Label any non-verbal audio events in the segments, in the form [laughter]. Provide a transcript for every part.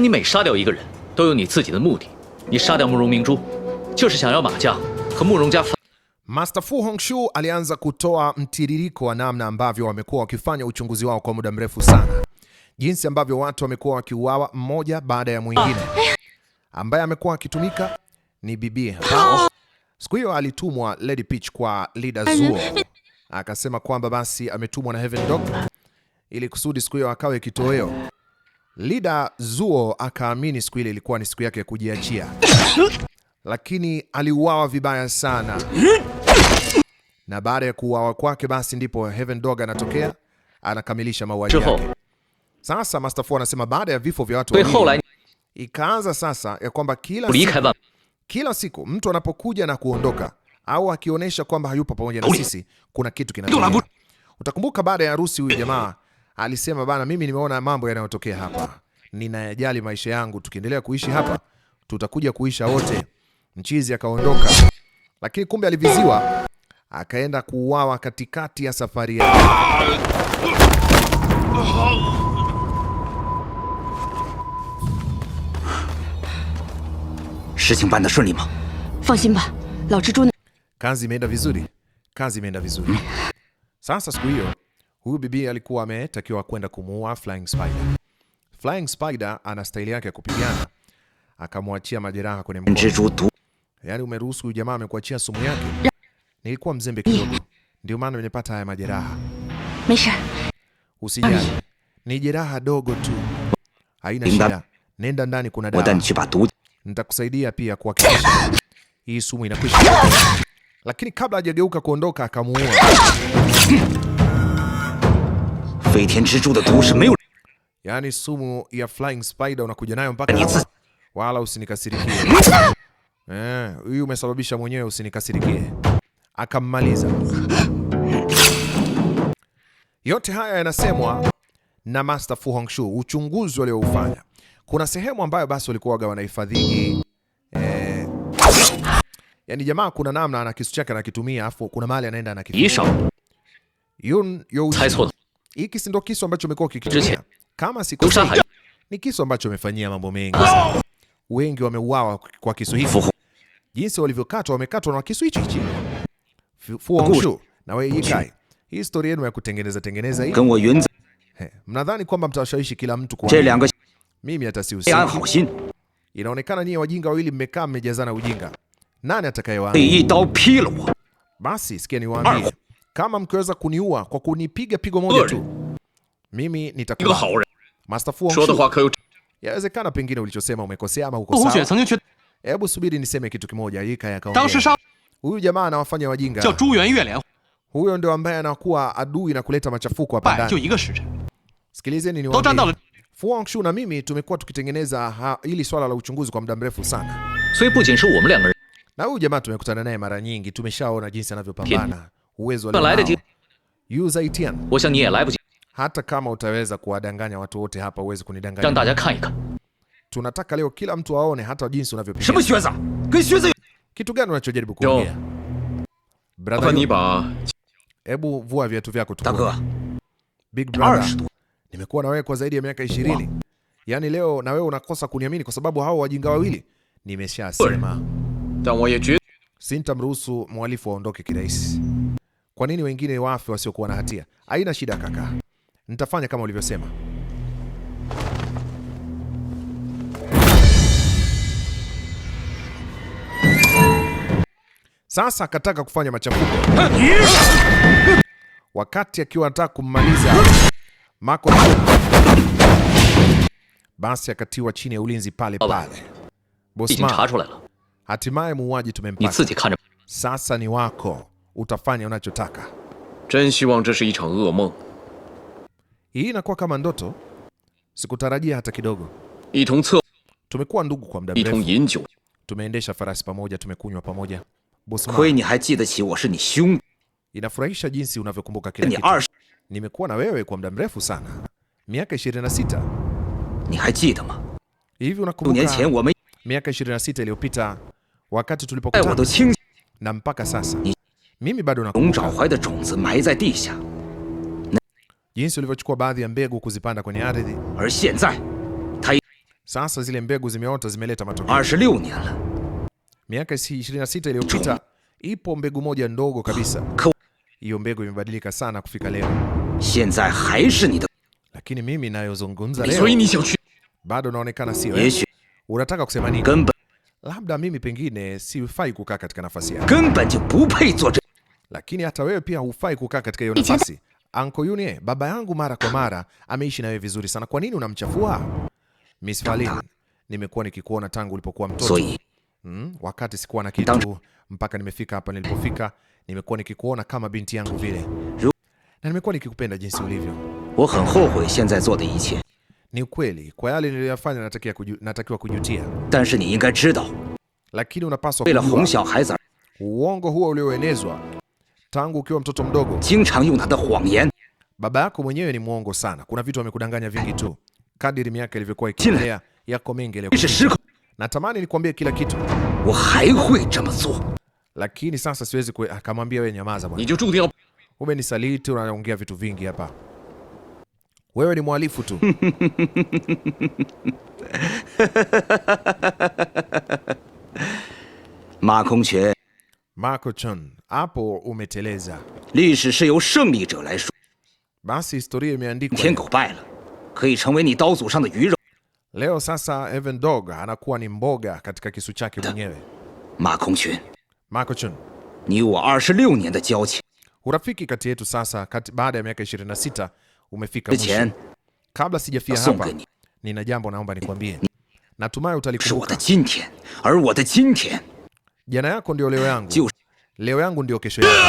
你每杀掉一个人，都有你自己的目的。你杀掉慕容明珠，就是想要马家和慕容家。Master Fu Hongxue alianza kutoa mtiririko wa namna ambavyo wamekuwa wakifanya uchunguzi wao kwa muda mrefu sana, jinsi ambavyo watu wamekuwa wakiuawa mmoja baada ya mwingine. Ambaye amekuwa akitumika ni bibi hapa. Siku hiyo alitumwa Lady Peach kwa Leader Zuo, akasema kwamba basi ametumwa na Heaven Dog ili kusudi siku hiyo akawe kitoweo. Lida Zuo akaamini siku ile ilikuwa ni siku yake ya kujiachia, lakini aliuawa vibaya sana, na baada ya kuuawa kwake, basi ndipo Heaven Dog anatokea anakamilisha mauaji yake. Sasa Master Fu anasema baada ya vifo vya watu wawili ikaanza sasa ya kwamba kila siku, kila siku mtu anapokuja na kuondoka au akionyesha kwamba hayupo pamoja na sisi, kuna kitu kinatokea. Utakumbuka baada ya harusi huyu jamaa alisema bana, mimi nimeona mambo yanayotokea hapa, ninayajali maisha yangu, tukiendelea kuishi hapa tutakuja kuisha wote. Mchizi akaondoka, lakini kumbe aliviziwa, akaenda kuuawa katikati ya safari yake. Kazi imeenda vizuri, kazi imeenda vizuri. Sasa siku hiyo Huyu bibi alikuwa ametakiwa kwenda kumuua Flying Spider. Flying Spider ana staili yake ya kupigana, akamwachia majeraha kwenye mkono. Yaani umeruhusu huyu jamaa amekuachia sumu yake. Nilikuwa mzembe kidogo, ndio maana nimepata haya majeraha. Usijali, ni jeraha dogo tu, haina shida. Nenda ndani, kuna dawa nitakusaidia pia kuhakikisha hii sumu inakwisha. Lakini kabla hajageuka kuondoka, akamuua 飞天蜘蛛的毒是没有。Yani sumu ya Flying Spider unakuja nayo mpaka yaani wala usinikasirikie. Eh, huyu umesababisha mwenyewe usinikasirikie. Akammaliza. Yote haya yanasemwa na Master Fu Hongxue, uchunguzi walioufanya. Kuna sehemu ambayo basi walikuwa waga wanahifadhi eh, yani jamaa kuna namna ana kisu chake anakitumia, afu kuna mahali anaenda anakitumia. Yun Youji hiki ndo kisu ambacho umekuwa ukikitumia. Kama sikosei, ni kisu ambacho umefanyia mambo mengi sana. Wengi wameuawa kwa kisu hiki. Jinsi walivyokatwa, wamekatwa na kisu hichi hichi. Fu Hongxue na Wei Yikai. Hii story yenu ya kutengeneza tengeneza hii. Mnadhani kwamba mtawashawishi kila mtu kwa mimi hata sihusiki. Inaonekana nyie wajinga wawili mmekaa mmejazana ujinga. Nani atakayewaamini? Basi sikia niwaambie. Kama mkiweza kuniua kwa kunipiga pigo moja tu, mimi nitakula. Master Fu Hongxue, yawezekana pengine ulichosema umekosea ama uko sawa. Hebu subiri niseme kitu kimoja. Ye Kai akaongea, huyu jamaa anawafanya wajinga. Huyo ndio ambaye anakuwa adui na kuleta machafuko hapa ndani. Sikilizeni niwaambie. Fu Hongxue na mimi tumekuwa tukitengeneza hili swala la uchunguzi kwa muda mrefu sana. Na huyu jamaa tumekutana naye mara nyingi, tumeshaona jinsi anavyopambana uwezo alionao. Use ATM. Hata kama utaweza kuwadanganya watu wote hapa, uwezi kunidanganya. Tunataka leo kila mtu aone hata jinsi unavyopiga. Kitu gani unachojaribu kuongea? Brother, hebu vua viatu vyako tu. Big brother, nimekuwa na wewe kwa zaidi ya miaka 20. Yaani leo na wewe unakosa kuniamini kwa sababu hao wajinga wawili nimeshasema. Sintamruhusu mhalifu aondoke kirahisi. Kwa nini wengine wafe wasiokuwa na hatia? Haina shida kaka, nitafanya kama ulivyosema. Sasa akataka kufanya machafuko wakati akiwa anataka kummaliza Mako, basi akatiwa chini ya ulinzi pale pale. Hatimaye muuaji tumempata, sasa ni wako utafanya unachotaka. E Hii inakuwa kama ndoto, sikutarajia hata kidogo. Tumekuwa ndugu kwa muda mrefu, tumeendesha farasi pamoja, tumekunywa pamoja. Inafurahisha jinsi unavyokumbuka kila kitu. Nimekuwa na wewe kwa muda mrefu sana, miaka 26. Hivi unakumbuka miaka 26 iliyopita wakati tulipokutana na mpaka sasa? Ni... Mimi bado na jinsi ulivyochukua baadhi ya mbegu kuzipanda kwenye ardhi. Sasa zile mbegu zimeota zimeleta matokeo. Miaka 26 iliyopita ipo mbegu moja ndogo kabisa. [sighs] Hiyo mbegu imebadilika sana kufika leo. Lakini mimi nayozungumza leo bado naonekana sio. Eh? Unataka kusema nini? Labda mimi pengine sifai kukaa katika nafasi yako lakini hata wewe pia hufai kukaa katika hiyo nafasi. Anko Yunie, baba yangu mara kwa mara ameishi na wewe vizuri sana, kwa nini unamchafua? Miss Valin, nimekuwa nikikuona tangu ulipokuwa mtoto hmm, wakati sikuwa na kitu mpaka nimefika hapa nilipofika. Nimekuwa nikikuona kama binti yangu vile, na nimekuwa nikikupenda jinsi ulivyo. Ni kweli kwa yale niliyofanya natakiwa kuju, natakiwa kujutia, lakini unapaswa kujua uongo huo ulioenezwa tangu ukiwa mtoto mdogo. Baba yako mwenyewe ni mwongo sana, kuna vitu amekudanganya vingi tu. Kadiri miaka ilivyokuwa ikiendelea, yako mengi leo. Natamani nikwambie kila kitu, lakini sasa siwezi akamwambia. Wewe nyamaza bwana, saliti, unaongea vitu vingi hapa. Wewe ni mwalifu tu. [laughs] Ma Kongqun Marco Chun, hapo umeteleza. Basi historia imeandikwa. Leo sasa Evan Dog anakuwa ni mboga katika kisu chake mwenyewe. Marco Chun, ni wa 26 urafiki kati yetu sasa kati, baada ya miaka 26 umefika mwisho. Kabla sijafia hapa, nina jambo naomba nikwambie. Natumai utalikumbuka. Jana yako ndio leo yangu, leo yangu ndio kesho yako.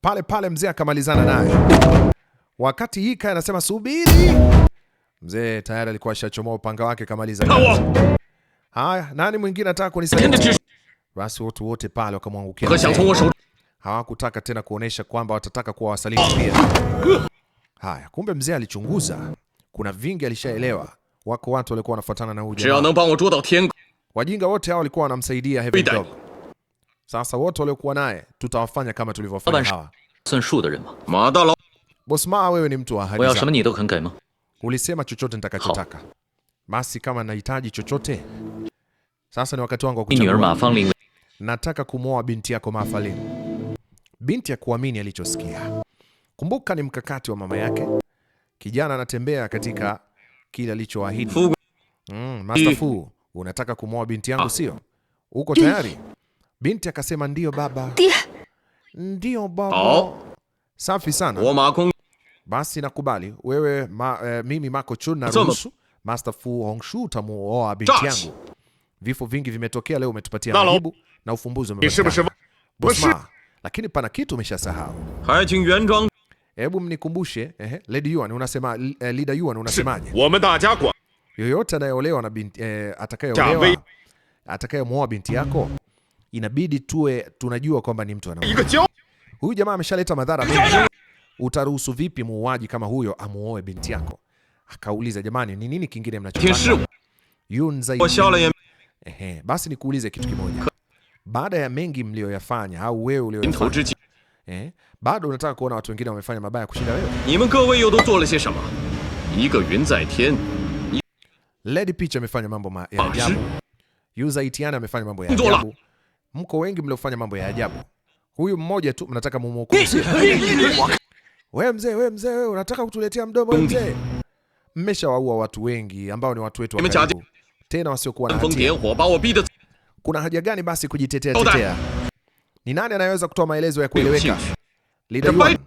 Pale pale mzee akamalizana naye. Wakati hii anasema subiri, mzee tayari alikuwa ashachomoa upanga wake kamaliza. Haya, nani mwingine anataka kunisaidia? Basi watu wote pale wakamwangukia. Hawakutaka tena kuonesha kwamba watataka kuwasalimu pia. Ah. Haya, kumbe mzee alichunguza kuna vingi alishaelewa. Ah. Wako watu walikuwa wanafuatana na huyu Wajinga wote hao walikuwa wanamsaidia Heaven Sasa wote waliokuwa naye tutawafanya kama tulivyofanya hawa. Boss Ma, wewe ni mtu wa ahadi. Ulisema chochote nitakachotaka. Basi kama nahitaji chochote, sasa ni wakati wangu wa kuchagua. Nataka kumwoa binti yako Ma Fangling. Binti ya kuamini alichosikia. Kumbuka ni mkakati wa mama yake. Kijana anatembea katika kile alichoahidi. Mm, Master Fu, unataka kumwoa binti yangu ah. sio? Uko tayari? Binti akasema ndio baba. Ndio baba. Oh. Safi sana. Basi nakubali. Wewe ma, eh, mimi Mako Chun na ruhusu Master Fu Hongxue utamuoa binti yangu. Vifo vingi vimetokea leo, umetupatia majibu na ufumbuzi umepatikana. Lakini pana kitu umeshasahau. Hebu mnikumbushe, eh, Lady Yuan unasema, eh, Leader Yuan unasemaje? [laughs] Yoyote anayeolewa na binti eh, atakayeolewa atakayemwoa binti yako inabidi tuwe tunajua kwamba ni mtu ana Huyu jamaa ameshaleta madhara mengi. Utaruhusu vipi muuaji kama huyo amuoe binti yako? Akauliza, jamani, ni nini kingine mnachofanya? Ehe, basi nikuulize kitu kimoja, baada ya mengi mliyoyafanya au wewe uliyofanya eh, bado unataka kuona watu wengine wamefanya mabaya kushinda wewe. Lady Peach amefanya mambo ya ajabu. Yuza Itiana amefanya mambo ya ajabu. Mko wengi mliofanya mambo ya ajabu. Huyu mmoja tu mnataka mumuokoe. Wewe mzee, wewe mzee, wewe unataka kutuletea mdomo mzee. Mmeshawaua watu wengi ambao ni watu wetu wa karibu. Tena wasiokuwa na hatia. Kuna haja gani basi kujitetea tetea? Ni nani anayeweza kutoa maelezo ya kueleweka? Leader Yuan,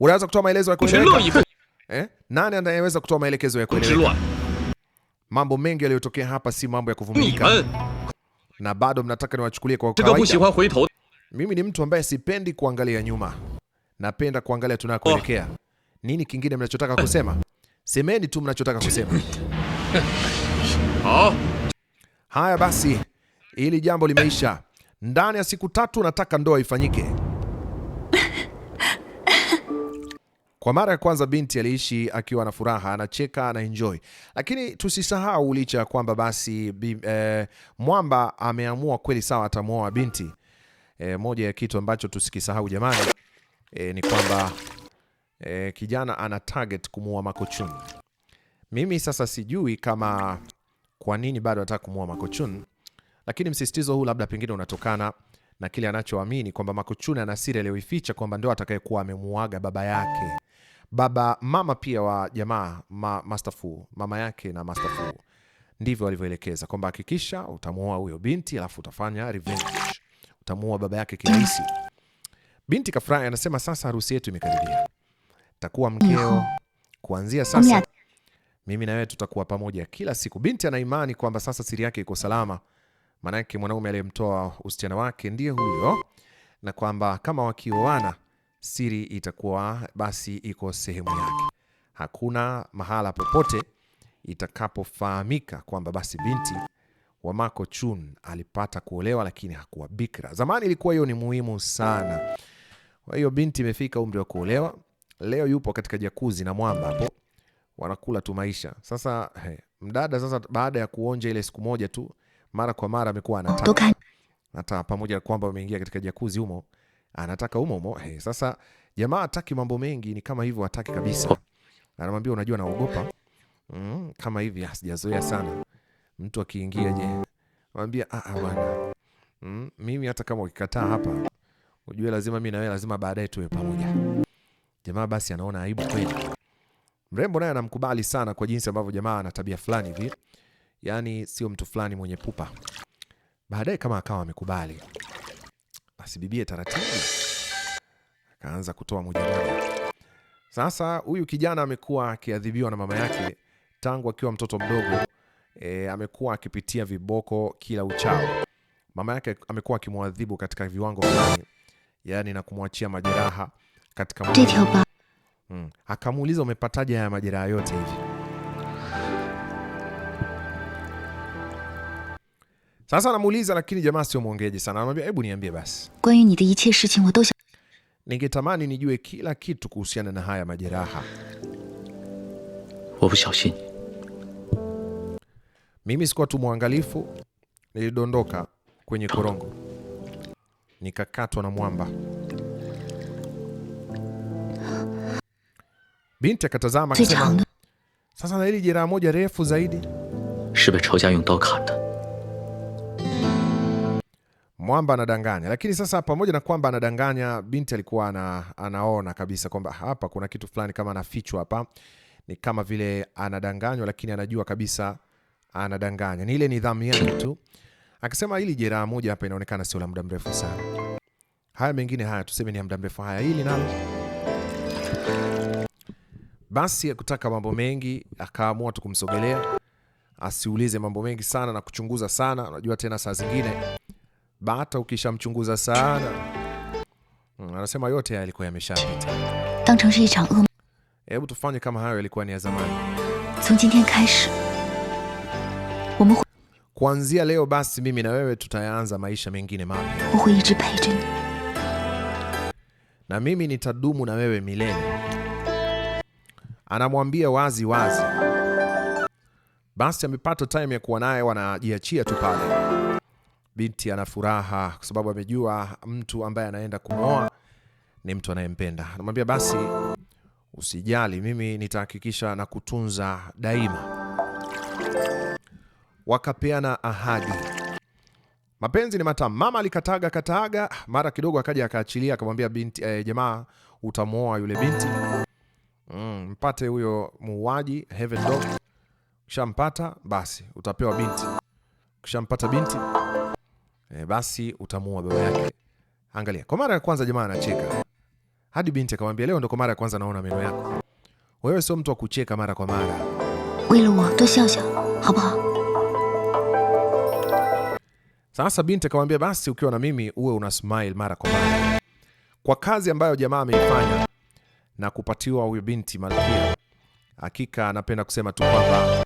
Unaweza kutoa maelezo ya kueleweka? Eh? Nani anayeweza kutoa maelekezo ya kueleweka? Mambo mengi yaliyotokea hapa si mambo ya kuvumilika. Eh. Na bado mnataka niwachukulie kwa kawaida. Mimi ni mtu ambaye sipendi kuangalia nyuma. Napenda kuangalia tunakoelekea. Oh. Nini kingine mnachotaka kusema? Semeni tu mnachotaka kusema. [laughs] Oh. Haya basi, hili jambo limeisha. Ndani ya siku tatu nataka ndoa ifanyike. Kwa mara ya kwanza binti aliishi akiwa na furaha, anacheka, na enjoy, lakini tusisahau, licha ya kwamba basi bi, e, mwamba ameamua kweli, sawa, atamwoa binti e, Moja ya kitu ambacho tusikisahau jamani, e, ni kwamba e, kijana ana target kumuoa Makochuni. Mimi sasa sijui kama kwa nini bado anataka kumuoa Makochuni lakini msisitizo huu labda pengine unatokana na kile anachoamini kwamba makuchuna Makuchune siri aliyoificha kwamba ndio atakayekuwa amemuaga baba yake, baba mama pia wa jamaa ma, Master Fu, mama yake na Master Fu. Ndivyo walivyoelekeza kwamba hakikisha utamuoa huyo binti alafu utafanya revenge, utamuoa baba yake kirahisi. Binti kafurahi, anasema sasa harusi yetu imekaribia, takuwa mkeo kuanzia sasa, mimi na wewe tutakuwa pamoja kila siku. Binti ana imani kwamba sasa siri yake iko salama. Maanake mwanaume aliyemtoa usichana wake ndiye huyo, na kwamba kama wakioana siri itakuwa basi iko sehemu yake. Hakuna mahala popote itakapofahamika kwamba basi binti wa Ma Kongqun alipata kuolewa lakini hakuwa bikira. Zamani ilikuwa hiyo ni muhimu sana. Kwa hiyo binti imefika umri wa kuolewa, leo yupo katika jakuzi na mwamba hapo, wanakula tu maisha. Sasa he, eh, mdada sasa baada ya kuonja ile siku moja tu mara kwa mara amekuwa anataka hata pamoja kwamba ameingia katika jakuzi humo, anataka humo humo. Hey, eh, sasa jamaa hataki mambo mengi, ni kama hivyo, hataki kabisa. Anamwambia unajua, naogopa mm, kama hivi ah, sijazoea sana mtu akiingia. Je, anamwambia ah ah bwana mm, mimi hata kama ukikataa hapa ujue lazima mimi na wewe lazima baadaye tuwe pamoja. Jamaa basi anaona aibu kweli. Mrembo naye anamkubali sana kwa jinsi ambavyo jamaa ana tabia fulani hivi yani sio mtu fulani mwenye pupa. Baadaye kama akawa amekubali, basi bibie taratibu akaanza kutoa mojamoja. Sasa huyu kijana amekuwa akiadhibiwa na mama yake tangu akiwa mtoto mdogo. E, amekuwa akipitia viboko kila uchao. Mama yake amekuwa akimwadhibu katika viwango fulani, yani na kumwachia majeraha katika. Hmm, akamuuliza umepataje haya majeraha yote hivi? Sasa anamuuliza lakini jamaa sio mwongeaji sana, anamwambia hebu niambie basi. Ningetamani nijue kila kitu kuhusiana na haya majeraha. Mimi sikuwa tu mwangalifu, nilidondoka kwenye korongo nikakatwa na mwamba. Binti akatazama akasema, sasa na hili jeraha moja refu zaidi. Mwamba anadanganya, lakini sasa pamoja na kwamba anadanganya, binti alikuwa ana, anaona kabisa kwamba hapa kuna kitu fulani kama anafichwa hapa, ni kama vile anadanganywa, lakini anajua kabisa anadanganya. Ni ile nidhamu yake tu, akisema hili jeraha moja hapa inaonekana sio la muda mrefu sana, haya mengine haya tuseme ni ya muda mrefu, haya hili nalo basi. kutaka mambo mengi, akaamua tu kumsogelea, asiulize mambo mengi sana na kuchunguza sana. Unajua tena saa zingine bata ukishamchunguza sana. Hmm, anasema yote yalikuwa yameshapita. Hebu tufanye kama hayo yalikuwa ni ya zamani. Kuanzia leo basi mimi na wewe tutayaanza maisha mengine mapya. Na mimi nitadumu na wewe milele. Anamwambia wazi wazi. Basi amepata time ya kuwa naye, wanajiachia tu pale binti ana furaha kwa sababu amejua mtu ambaye anaenda kumwoa ni mtu anayempenda. Anamwambia basi, usijali, mimi nitahakikisha na kutunza daima. Wakapeana ahadi, mapenzi ni matamu. Mama alikataga kataga, mara kidogo akaja akaachilia, akamwambia binti eh, jamaa utamwoa yule binti mm, mpate huyo muuaji heaven dog. Ukishampata basi utapewa binti, mpata binti e, basi utamuua baba yake. Angalia, kwa mara ya kwanza jamaa anacheka hadi binti akamwambia, leo ndo kwa mara ya kwanza naona meno yako. Wewe sio mtu wa kucheka mara kwa mara. Sasa binti akamwambia, basi ukiwa na mimi uwe una smile mara kwa mara. Kwa kazi ambayo jamaa ameifanya na kupatiwa huyo binti malkia, hakika anapenda kusema tu kwamba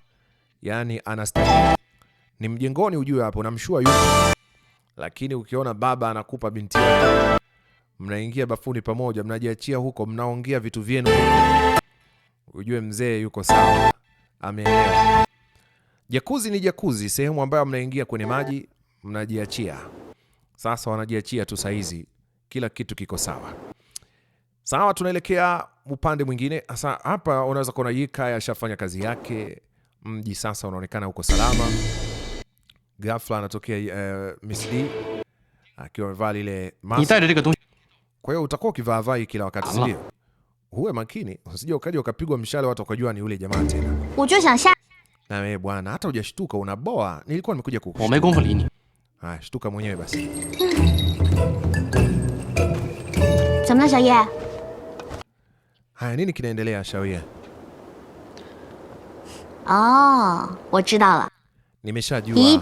yani anastahili. Ni mjengoni ujue hapo, namshua yuko lakini ukiona baba anakupa binti yake, mnaingia bafuni pamoja, mnajiachia huko, mnaongea vitu vyenu, ujue mzee yuko sawa, ameelewa. Jakuzi ni jakuzi, sehemu ambayo mnaingia kwenye maji mnajiachia. Sasa wanajiachia tu saizi, kila kitu kiko sawa sawa. Tunaelekea upande mwingine. Sasa hapa unaweza kuona Yika yashafanya kazi yake, mji sasa unaonekana uko salama ghafla anatokea uh, Miss D akiwa amevaa lile mask. Kwa hiyo utakuwa ukivaa vai kila wakati, si ah. ndio? Uwe makini usije ukaja ukapigwa mshale watu wakajua ni yule jamaa tena. Na wewe bwana, hata hujashtuka unaboa. Nilikuwa nimekuja kukushtuka. Ah, shtuka mwenyewe basi. Haya, nini kinaendelea Shawia? Oh, ah, wajidala. Nimeshajua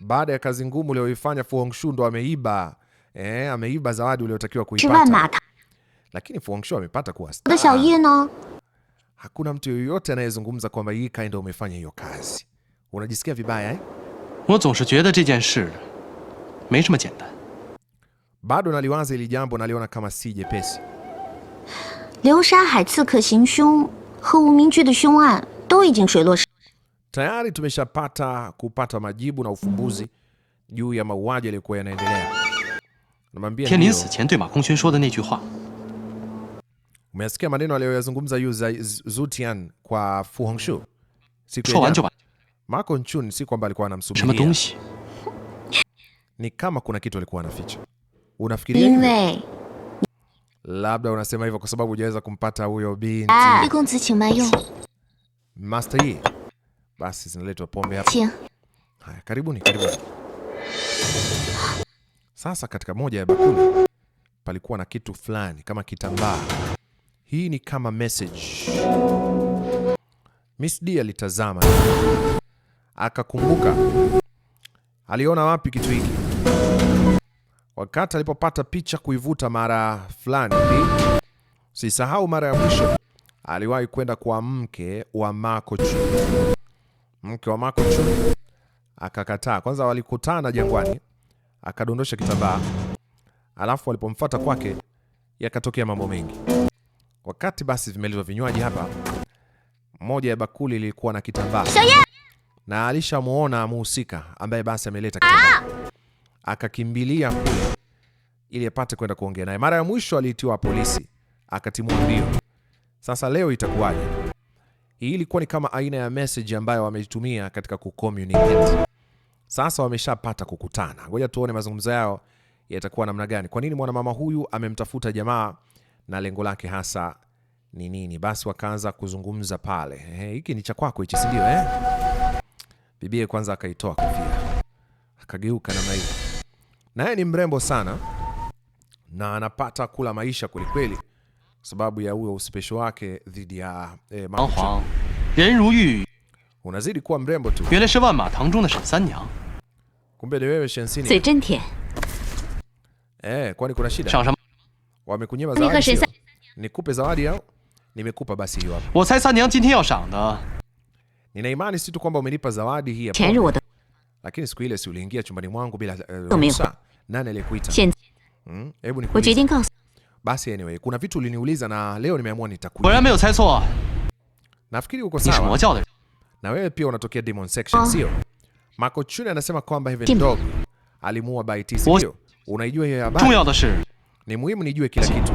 baada ya kazi ngumu uliyoifanya, Fu Hongxue ndo ameiba eh, ameiba zawadi uliyotakiwa kuipata, lakini Fu Hongxue amepata kuwa star. Hakuna mtu yoyote anayezungumza kwamba Ye Kai ndo umefanya hiyo kazi. Unajisikia vibaya eh? Bado naliwaza hili jambo, naliona kama si jepesi. Liu Sha Hai 刺客行凶和无名居的凶案都已经水落石 tayari tumeshapata kupata majibu na ufumbuzi juu ya mauaji yaliyokuwa yanaendelea. umeasikia maneno aliyoyazungumza Yu Zutian kwa Fu Hongxue siku ya Ma Kongqun, si kwamba alikuwa anamsubiria, ni kama kuna kitu alikuwa anaficha. Unafikiria labda unasema hivyo kwa sababu hujaweza kumpata huyo binti ah, Master Yi. Basi zinaletwa pombe hapa. Haya, karibuni, karibuni. Sasa katika moja ya bakuli palikuwa na kitu fulani kama kitambaa. Hii ni kama message. Miss D alitazama akakumbuka aliona wapi kitu hiki wakati alipopata picha kuivuta mara fulani. Sisahau mara ya mwisho aliwahi kwenda kwa mke wa Makochi mke wa Ma Kongqun akakataa. Kwanza walikutana jangwani, akadondosha kitambaa, alafu walipomfuata kwake yakatokea mambo mengi. Wakati basi vimeliwa vinywaji hapa, moja ya bakuli ilikuwa na kitambaa na alishamuona muhusika ambaye basi ameleta kitambaa, akakimbilia kule ili apate kwenda kuongea naye. Mara ya mwisho aliitiwa polisi, akatimua mbio. Sasa leo itakuwaje? Hii ilikuwa ni kama aina ya message ambayo wameitumia katika kucommunicate. Sasa wameshapata kukutana, ngoja tuone mazungumzo yao yatakuwa namna gani. Kwa nini mwanamama huyu amemtafuta jamaa na lengo lake hasa ni nini? Basi wakaanza kuzungumza pale. Hiki ni cha kwako hichi, si ndio? Eh, bibie kwanza akaitoa kofia akageuka namna hiyo, naye ni mrembo sana na anapata kula maisha kwelikweli sababu ya huo uspeshi wake dhidi ya eh, unazidi kuwa mrembo tu. Kumbe ni wewe Shensini. Eh, kwani kuna shida? Wamekunyima zawadi. Nikupe zawadi yao? Nimekupa basi hiyo hapa. Nina imani si tu kwamba umenipa zawadi hii hapa. Lakini siku ile si uliingia chumbani mwangu bila eh, ruhusa. Nani aliyekuita? Hmm? Hebu nikuulize. Basi anyway, kuna vitu uliniuliza na leo nimeamua nitakujibu. Nafikiri uko sawa. Na wewe pia unatokea Demon Section, ah. sio? Ma Kongqun anasema kwamba Heaven Dog alimuua Bai Tianyu, sio? Unaijua hiyo habari? Ni muhimu nijue kila kitu.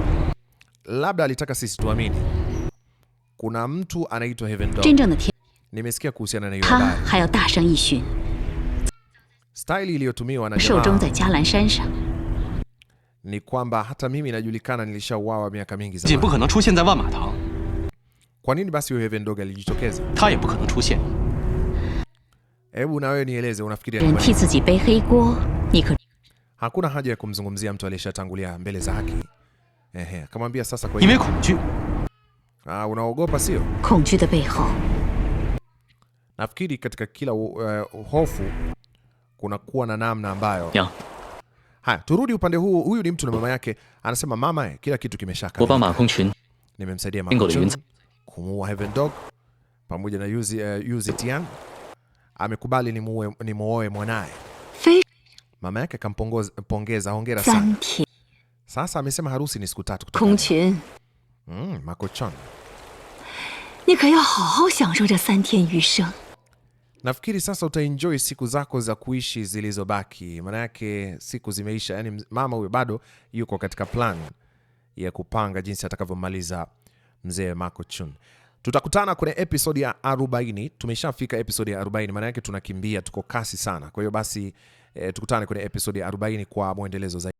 Labda alitaka sisi tuamini. Kuna mtu anaitwa Heaven Dog. Nimesikia kuhusiana na hiyo habari. Style iliyotumiwa na jamaa ni kwamba hata mimi najulikana, nilishauawa miaka mingi zamani. Kwa nini basi huyo Heaven Dog alijitokeza? Hebu na wewe nieleze, unafikiria hakuna haja ya kumzungumzia mtu aliyeshatangulia mbele za haki. Ehe, akamwambia sasa, kwa hiyo ah, unaogopa sio? Nafikiri katika kila uh, hofu kuna kuwa na namna ambayo yeah. Haya, turudi upande huu. Huyu ni mtu na mama yake, anasema mama, eh, kila kitu kimeshaka. Nimemsaidia mama kumuua Heaven Dog pamoja na Yuzi, uh, Yuzi Tian. Amekubali ni muoe mwanaye. Mama yake kampongeza, hongera sana. Sasa amesema harusi ni siku tatu kutoka. Mm, Makochon. Ni kayo hao hao xiangshou zhe san tian yu sheng. Nafikiri sasa utaenjoy siku zako za kuishi zilizobaki, maana yake siku zimeisha. Yani mama huyo bado yuko katika plan ya kupanga jinsi atakavyomaliza mzee Marco Chun. Tutakutana kwenye episodi ya 40. Tumeshafika episodi ya 40, maana yake tunakimbia, tuko kasi sana. Kwa hiyo basi, eh, tukutane kwenye episodi ya 40 kwa mwendelezo zaidi.